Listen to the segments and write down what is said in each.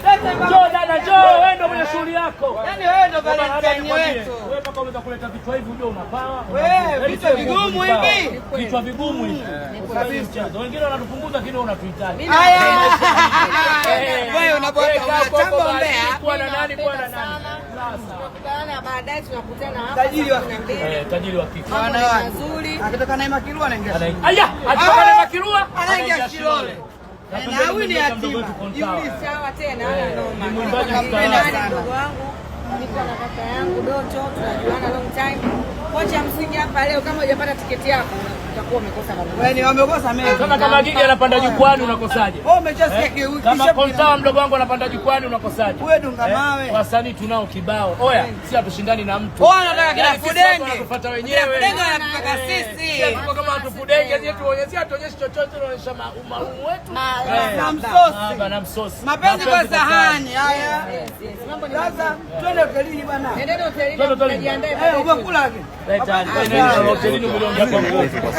Njoo dada, njoo wewe ndio mwenye shughuli yako. Yaani wewe ndio Valentine wetu. Wewe paka umeweza kuleta vichwa hivi unajua unapawa. Wewe vichwa vigumu hivi. Vichwa vigumu hivi. Wengine wanatupunguza lakini wewe unatuhitaji. Wewe unabweka unachamba mbea. Kwa na nani kwa na nani? Eh, tajiri wa kike. tajiri wa kike. anaingia. Aya, akitoka ah! naye Makirua. Huyu ni yatima, sawa tena, hana eh, noma. Nampenda ndugu wangu, na kaka yangu Doto, tunajuana long time. Kocha msingi hapa leo, kama hujapata tiketi yako utakuwa umekosa eh, eh, Kama Gigi anapanda jukwani unakosaje? Oh, eh, kama Konta mdogo wangu anapanda jukwani unakosaje? Wasanii tunao kibao. Oya, si hatushindani na mtu. Oh, yaani Wewe tuonyeshe chochote tunaonyesha umaumu wetu.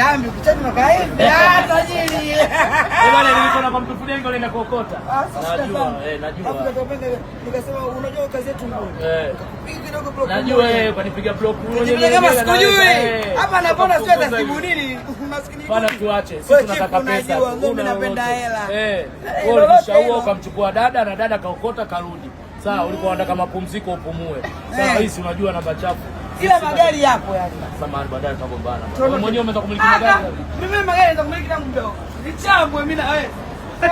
dhambi kucheza na tajiri. Yaani, ah, eh, Najua, eh, najua. Nikasema unajua kazi yetu ngumu. Eh. Najua eh, ukanipiga block Kama sikujui. Eh, Hapa napona sio nini? Maskini. tuache. Sisi tunataka pesa. Mimi napenda hela. Eh. Wewe ulishaua ukamchukua dada na dada kaokota karudi. Sawa, ulikuwa unataka mapumziko upumue. Sasa unajua namba chafu ila magari yapo yani. Samahani, baadaye tutagombana. Wewe mwenyewe umeanza kumiliki ah, magari? Mimi magari naanza kumiliki tangu mdogo. Ni Nichambwe mimi na wewe. Da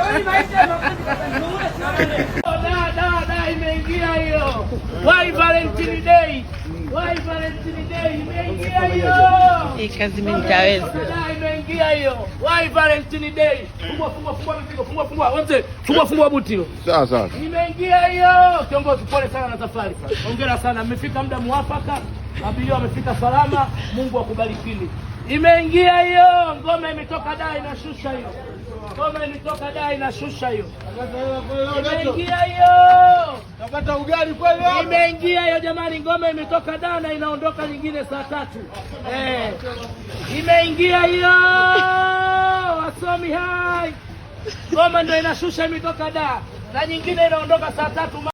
da da, imeingia hiyo. Why Valentine Day? Why Valentine Day? Imeingia hiyo. Hii kazi mimi nitaweza. Da, imeingia hiyo. Why Valentine Day? Fungua fungua fungua mzigo, fungua fungua wote. Fungua fungua buti hiyo. Sawa sawa. Imeingia hiyo. Kiongozi, pole sana na safari. Hongera sana. Mmefika muda mwafaka abiria wamefika salama, Mungu akubarikini. Imeingia hiyo ngoma, imetoka da, inashusha hiyo ngoma, imetoka da, inashusha hiyo. Imeingia hiyo, kapata ugali kweli, imeingia hiyo jamani, ngoma imetoka da na inaondoka nyingine saa tatu. Eh, imeingia hiyo, wasomi hai, ngoma ndio inashusha, imetoka da na nyingine inaondoka saa tatu.